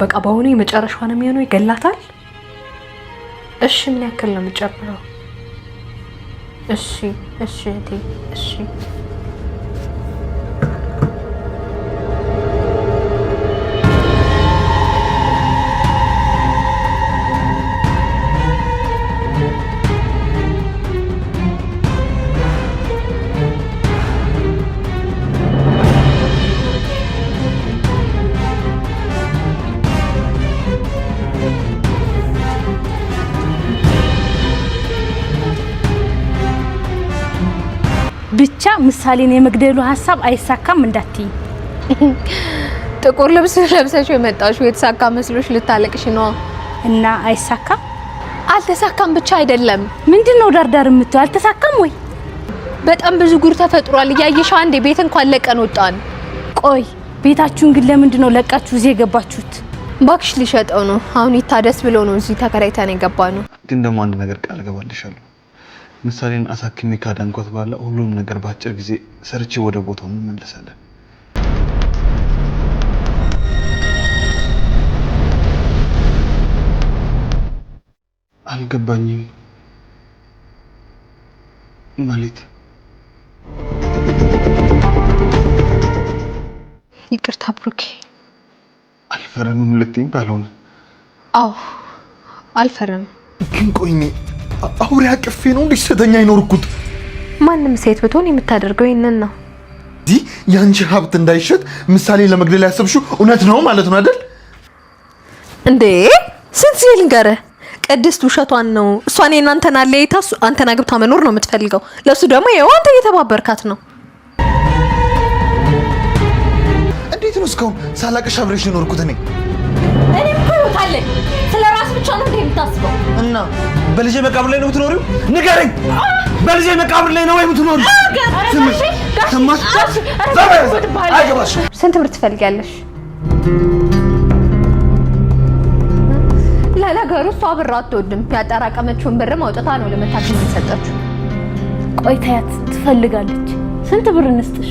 በቃ በአሁኑ የመጨረሻ ነው የሚሆነው። ይገላታል። እሺ ምን ያክል ነው የምጨምረው? እሺ እሺ እሺ ብቻ ምሳሌን የመግደሉ ሀሳብ አይሳካም እንዳትይ። ጥቁር ልብስ ለብሰሽ የመጣሽ የተሳካ መስሎሽ ልታለቅሽ ነው። እና አይሳካም? አልተሳካም ብቻ አይደለም። ምንድን ነው ዳርዳር የምትው? አልተሳካም ወይ? በጣም ብዙ ጉር ተፈጥሯል። እያየሽው አንዴ ቤት እንኳን ለቀን ወጣን። ቆይ ቤታችሁን ግን ለምንድን ነው ለቃችሁ እዚህ የገባችሁት? ባክሽ ሊሸጠው ነው። አሁን ይታደስ ብሎ ነው እዚህ ተከራይተን የገባ ነው። ግን ደግሞ አንድ ነገር ቃል ገባልሻለሁ ምሳሌን አሳክሜ ካዳንኳት በኋላ ሁሉም ነገር በአጭር ጊዜ ሰርቼ ወደ ቦታው እንመለሳለን። አልገባኝም ማለት ይቅርታ ብሩኬ፣ አልፈረምም ልትይኝ ባልሆነ። አዎ አልፈረምም ግን ቆይኝ አውሬ አቅፌ ነው እንዴ ስተኛ አይኖርኩት። ማንም ሴት ብትሆን የምታደርገው ይህንን ነው። ዲ የአንቺ ሀብት እንዳይሸጥ ምሳሌ ለመግደል ያሰብሽው እውነት ነው ማለት ነው አይደል? እንዴ ስንት ጊዜ ልንገርህ፣ ቅድስት ውሸቷን ነው። እሷን የእናንተን አለይታ አንተን አግብታ መኖር ነው የምትፈልገው። ለእሱ ደግሞ ይኸው አንተ እየተባበርካት ነው። እንዴት ነው እስካሁን ሳላቅሽ አብሬሽ የኖርኩት እኔ ህይወት አለ። ስለ ራስ ብቻ ነው እንደ የምታስበው። እና በልጄ መቃብር ላይ ነው የምትኖሪው? ንገረኝ። በልጄ መቃብር ላይ ነው የምትኖሪው? ስንት ብር ትፈልጊያለሽ? ለነገሩ እሷ ብር አትወድም። ያጠራቀመችውን ብር አውጥታ ነው ለመታከም የሰጠችው። ቆይታያት ትፈልጋለች። ስንት ብር እንስጥሽ?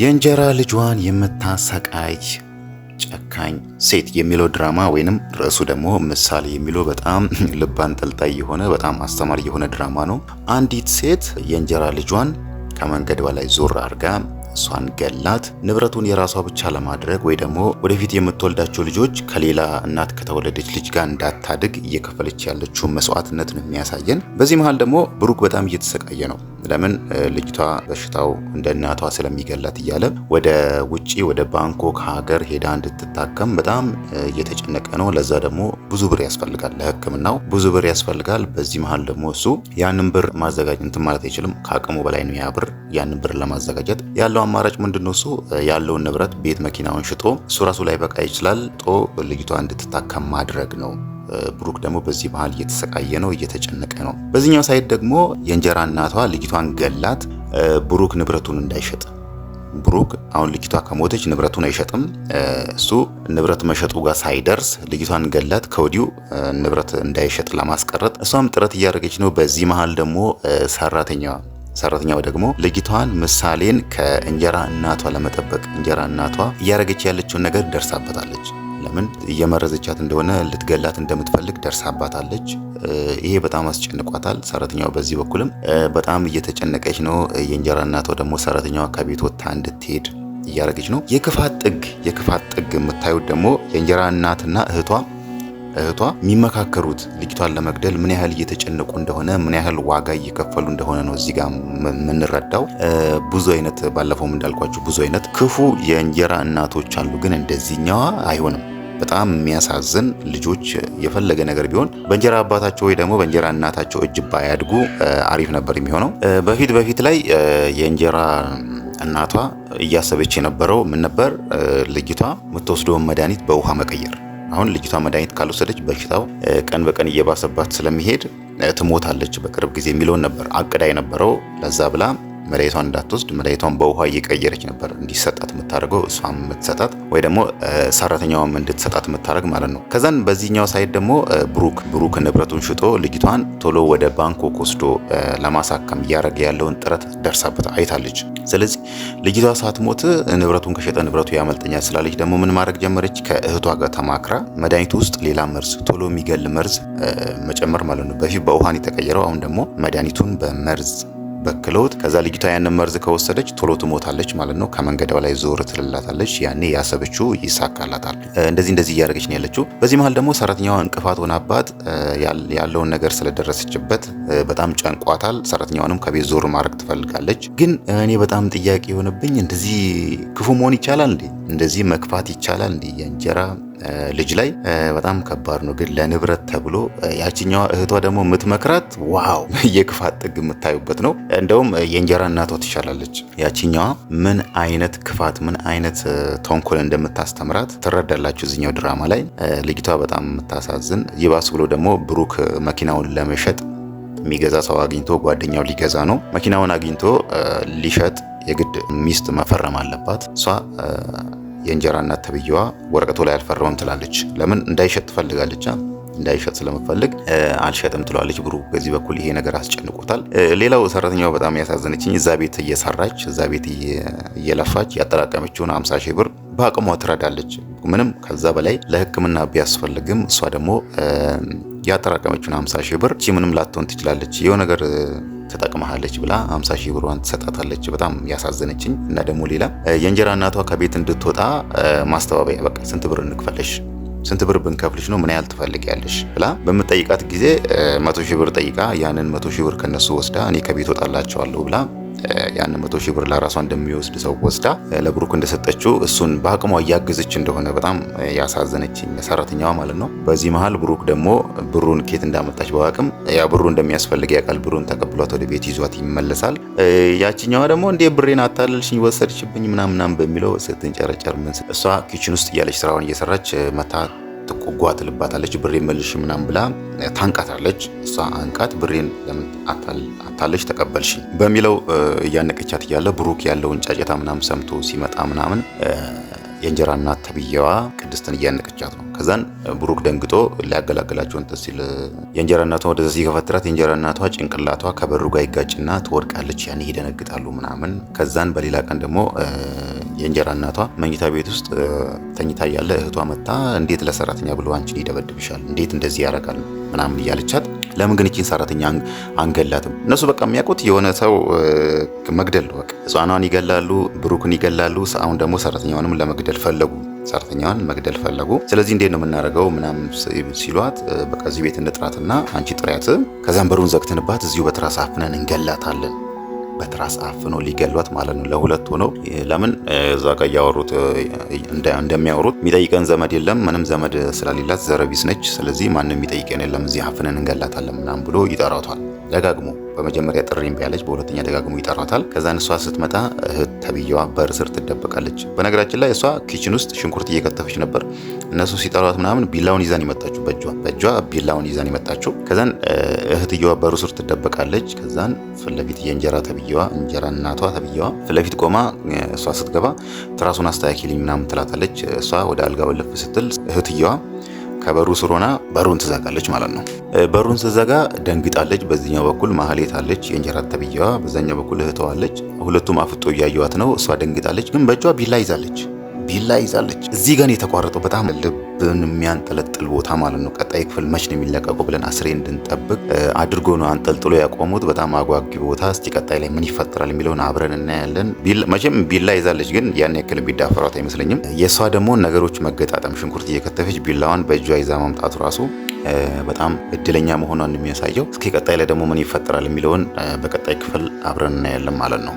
የእንጀራ ልጇን የምታሰቃይ ጨካኝ ሴት የሚለው ድራማ ወይንም ርዕሱ ደግሞ ምሳሌ የሚለው በጣም ልብ አንጠልጣይ የሆነ በጣም አስተማሪ የሆነ ድራማ ነው። አንዲት ሴት የእንጀራ ልጇን ከመንገድ በላይ ዞር አድርጋ እሷን ገላት፣ ንብረቱን የራሷ ብቻ ለማድረግ ወይ ደግሞ ወደፊት የምትወልዳቸው ልጆች ከሌላ እናት ከተወለደች ልጅ ጋር እንዳታድግ እየከፈለች ያለችው መስዋዕትነት ነው የሚያሳየን። በዚህ መሀል ደግሞ ብሩክ በጣም እየተሰቃየ ነው። ለምን ልጅቷ በሽታው እንደ እናቷ ስለሚገላት እያለ ወደ ውጪ ወደ ባንኮክ ሀገር ሄዳ እንድትታከም በጣም እየተጨነቀ ነው። ለዛ ደግሞ ብዙ ብር ያስፈልጋል፣ ለህክምናው ብዙ ብር ያስፈልጋል። በዚህ መሀል ደግሞ እሱ ያንን ብር ማዘጋጀት እንትን ማለት አይችልም፣ ከአቅሙ በላይ ነው ያ ብር። ያንን ብር ለማዘጋጀት ያለው አማራጭ ምንድን ነው? እሱ ያለውን ንብረት ቤት፣ መኪናውን ሽጦ እሱ ራሱ ላይ በቃ ይችላል፣ ጦ ልጅቷ እንድትታከም ማድረግ ነው። ብሩክ ደግሞ በዚህ ባህል እየተሰቃየ ነው፣ እየተጨነቀ ነው። በዚህኛው ሳይድ ደግሞ የእንጀራ እናቷ ልጅቷን ገላት ብሩክ ንብረቱን እንዳይሸጥ ብሩክ አሁን ልጅቷ ከሞተች ንብረቱን አይሸጥም። እሱ ንብረት መሸጡ ጋር ሳይደርስ ልጅቷን ገላት ከወዲሁ ንብረት እንዳይሸጥ ለማስቀረት እሷም ጥረት እያደረገች ነው። በዚህ መሀል ደግሞ ሰራተኛዋ ሰራተኛው ደግሞ ልጅቷን ምሳሌን ከእንጀራ እናቷ ለመጠበቅ እንጀራ እናቷ እያደረገች ያለችውን ነገር ደርሳበታለች። ለምን እየመረዘቻት እንደሆነ ልትገላት እንደምትፈልግ ደርሳባታለች። ይሄ በጣም አስጨንቋታል። ሰራተኛው በዚህ በኩልም በጣም እየተጨነቀች ነው። የእንጀራ እናቷ ደግሞ ሰራተኛዋ ከቤት ወጥታ እንድትሄድ እያደረገች ነው። የክፋት ጥግ የክፋት ጥግ የምታዩት ደግሞ የእንጀራ እናትና እህቷ እህቷ የሚመካከሩት ልጅቷን ለመግደል ምን ያህል እየተጨነቁ እንደሆነ ምን ያህል ዋጋ እየከፈሉ እንደሆነ ነው እዚህ ጋር የምንረዳው። ብዙ አይነት ባለፈውም እንዳልኳችሁ ብዙ አይነት ክፉ የእንጀራ እናቶች አሉ፣ ግን እንደዚህኛዋ አይሆንም። በጣም የሚያሳዝን ልጆች የፈለገ ነገር ቢሆን በእንጀራ አባታቸው ወይ ደግሞ በእንጀራ እናታቸው እጅ ባያድጉ አሪፍ ነበር የሚሆነው። በፊት በፊት ላይ የእንጀራ እናቷ እያሰበች የነበረው ምን ነበር? ልጅቷ የምትወስደውን መድኃኒት በውሃ መቀየር አሁን ልጅቷ መድኃኒት ካልወሰደች በሽታው ቀን በቀን እየባሰባት ስለሚሄድ ትሞታለች በቅርብ ጊዜ የሚለውን ነበር አቅዳ የነበረው። ለዛ ብላ መድኃኒቷን እንዳትወስድ መድኃኒቷን በውሃ እየቀየረች ነበር እንዲሰጣት የምታደርገው እሷ የምትሰጣት ወይ ደግሞ ሰራተኛውም እንድትሰጣት የምታደርግ ማለት ነው። ከዛን በዚህኛው ሳይድ ደግሞ ብሩክ ብሩክ ንብረቱን ሽጦ ልጅቷን ቶሎ ወደ ባንኮክ ወስዶ ለማሳከም እያደረገ ያለውን ጥረት ደርሳበት አይታለች። ስለዚህ ልጅቷ ሳትሞት ንብረቱን ከሸጠ ንብረቱ ያመልጠኛል ስላለች ደግሞ ምን ማድረግ ጀመረች? ከእህቷ ጋር ተማክራ መድኃኒቱ ውስጥ ሌላ መርዝ ቶሎ የሚገል መርዝ መጨመር ማለት ነው። በፊት በውሃን የተቀየረው አሁን ደግሞ መድኃኒቱን በመርዝ በክለውት ከዛ ልጅቷ ያንን መርዝ ከወሰደች ቶሎ ትሞታለች ማለት ነው። ከመንገዳው ላይ ዞር ትልላታለች። ያኔ ያሰበችው ይሳካላታል። እንደዚህ እንደዚህ እያደረገች ነው ያለችው። በዚህ መሀል ደግሞ ሰራተኛዋ እንቅፋት ሆናባት ያለውን ነገር ስለደረሰችበት በጣም ጨንቋታል። ሰራተኛዋንም ከቤት ዞር ማድረግ ትፈልጋለች። ግን እኔ በጣም ጥያቄ የሆነብኝ እንደዚህ ክፉ መሆን ይቻላል እንዴ? እንደዚህ መክፋት ይቻላል እንዴ? የእንጀራ ልጅ ላይ በጣም ከባድ ነው። ግን ለንብረት ተብሎ ያችኛዋ እህቷ ደግሞ የምትመክራት ዋው የክፋት ጥግ የምታዩበት ነው። እንደውም የእንጀራ እናቷ ትሻላለች። ያችኛዋ ምን አይነት ክፋት ምን አይነት ተንኮል እንደምታስተምራት ትረዳላችሁ እዚኛው ድራማ ላይ። ልጅቷ በጣም የምታሳዝን ይባስ ብሎ ደግሞ ብሩክ መኪናውን ለመሸጥ የሚገዛ ሰው አግኝቶ ጓደኛው ሊገዛ ነው መኪናውን አግኝቶ ሊሸጥ የግድ ሚስት መፈረም አለባት እሷ የእንጀራ እናት ተብዬዋ ወረቀቱ ላይ አልፈረውም ትላለች። ለምን እንዳይሸጥ ትፈልጋለች። እንዳይሸጥ ስለምፈልግ አልሸጥም ትለዋለች። ብሩ በዚህ በኩል ይሄ ነገር አስጨንቆታል። ሌላው ሰራተኛው በጣም ያሳዘነችኝ እዛ ቤት እየሰራች እዛ ቤት እየለፋች ያጠራቀመችውን አምሳ ሺህ ብር በአቅሟ ትረዳለች። ምንም ከዛ በላይ ለሕክምና ቢያስፈልግም እሷ ደግሞ ያጠራቀመችውን 50 ሺህ ብር ምንም ላትሆን ትችላለች፣ የው ነገር ተጠቅመሃለች ብላ 50 ሺህ ብሯን ትሰጣታለች። በጣም ያሳዘነችኝ እና ደግሞ ሌላ የእንጀራ እናቷ ከቤት እንድትወጣ ማስተባበያ፣ በቃ ስንት ብር እንክፈለሽ ስንት ብር ብንከፍልሽ ነው ምን ያህል ትፈልጊያለሽ ብላ በምጠይቃት ጊዜ መቶ ሺህ ብር ጠይቃ ያንን መቶ ሺህ ብር ከነሱ ወስዳ እኔ ከቤት ወጣላቸዋለሁ ብላ ያን መቶ ሺህ ብር ለራሷ እንደሚወስድ ሰው ወስዳ ለብሩክ እንደሰጠችው እሱን በአቅሟ እያገዘች እንደሆነ በጣም ያሳዘነች ሰራተኛዋ ማለት ነው። በዚህ መሀል ብሩክ ደግሞ ብሩን ኬት እንዳመጣች በአቅም ያ ብሩ እንደሚያስፈልግ ያውቃል። ብሩን ተቀብሏት ወደ ቤት ይዟት ይመለሳል። ያችኛዋ ደግሞ እንዴ ብሬን አታለልሽኝ፣ ወሰድችብኝ ምናምናም በሚለው ስትንጨረጨር ምን እሷ ኪችን ውስጥ እያለች ስራውን እየሰራች መታ ልባታለች ብሬን መልሽ ምናም ብላ ታንቃታለች። እሷ አንቃት ብሬን ለምን አታለች ተቀበልሽ በሚለው እያነቀቻት እያለ ብሩክ ያለውን ጫጨታ ምናም ሰምቶ ሲመጣ ምናምን የእንጀራ እናት ተብዬዋ ቅድስትን እያነቀቻት ነው። ከዛን ብሩክ ደንግጦ ሊያገላግላቸውን ተሲል ሲል የእንጀራ እናቷ ወደዛ ሲከፈትራት የእንጀራ እናቷ ጭንቅላቷ ከበሩ ጋር ይጋጭና ትወድቃለች። ያኔ ይደነግጣሉ ምናምን። ከዛን በሌላ ቀን ደግሞ የእንጀራ እናቷ መኝታ ቤት ውስጥ ተኝታ ያለ እህቷ መጣ እንዴት ለሰራተኛ ብሎ አንቺን ይደበድብሻል፣ እንዴት እንደዚህ ያደርጋል ምናምን እያለቻት፣ ለምን ግን ይችን ሰራተኛ አንገላትም? እነሱ በቃ የሚያውቁት የሆነ ሰው መግደል ወቅ ህፃኗን ይገላሉ፣ ብሩክን ይገላሉ። አሁን ደግሞ ሰራተኛውንም ለመግደል ፈለጉ። ሰራተኛዋን መግደል ፈለጉ። ስለዚህ እንዴት ነው የምናደርገው ምናምን ሲሏት በቃ እዚህ ቤት እንጥራትና አንቺ ጥሪያት፣ ከዛም በሩን ዘግተንባት እዚሁ በትራስ አፍነን እንገላታለን በትራስ አፍኖ ሊገሏት ማለት ነው። ለሁለት ሆኖ ለምን እዛ ጋር እያወሩት እንደሚያወሩት የሚጠይቀን ዘመድ የለም፣ ምንም ዘመድ ስለሌላት ዘረቢስ ነች። ስለዚህ ማንም የሚጠይቀን የለም፣ እዚህ አፍነን እንገላታለን ምናምን ብሎ ይጠራቷል። ደጋግሞ በመጀመሪያ ጥሪ እምቢ አለች፣ በሁለተኛ ደጋግሞ ይጠራታል። ከዛ እሷ ስትመጣ እህት ተብዬዋ በር ስር ትደበቃለች። በነገራችን ላይ እሷ ኪችን ውስጥ ሽንኩርት እየከተፈች ነበር። እነሱ ሲጠሯት ምናምን ቢላውን ይዛን ይመጣችሁ፣ በእጇ በእጇ ቢላውን ይዛን ይመጣችሁ። ከዛን እህትየዋ በሩ ስር ትደበቃለች። ከዛን ፍለፊት የእንጀራ ተብዬዋ እንጀራ እናቷ ተብዬዋ ፍለፊት ለፊት ቆማ እሷ ስትገባ ትራሱን አስተካኪልኝ ምናምን ትላታለች። እሷ ወደ አልጋ ወለፍ ስትል እህትየዋ ከበሩ ስር ሆና በሩን ትዘጋለች ማለት ነው። በሩን ስትዘጋ ደንግጣለች። በዚህኛው በኩል ማህሌት አለች፣ የእንጀራ ተብያዋ፣ በዛኛው በኩል እህቷ አለች። ሁለቱም አፍጦ እያየዋት ነው። እሷ ደንግጣለች፣ ግን በእጇ ቢላ ይዛለች። ቢላ ይዛለች። እዚህ ጋር የተቋረጠው በጣም ልብን የሚያንጠለጥል ቦታ ማለት ነው። ቀጣይ ክፍል መች ነው የሚለቀቁ ብለን አስሬ እንድንጠብቅ አድርጎ ነው አንጠልጥሎ ያቆሙት። በጣም አጓጊ ቦታ። እስቲ ቀጣይ ላይ ምን ይፈጠራል የሚለውን አብረን እናያለን። መቼም ቢላ ይዛለች፣ ግን ያን ያክል ቢዳፈሯት አይመስለኝም። የእሷ ደግሞ ነገሮች መገጣጠም፣ ሽንኩርት እየከተፈች ቢላዋን በእጇ ይዛ ማምጣቱ ራሱ በጣም እድለኛ መሆኗን የሚያሳየው። እስኪ ቀጣይ ላይ ደግሞ ምን ይፈጠራል የሚለውን በቀጣይ ክፍል አብረን እናያለን ማለት ነው።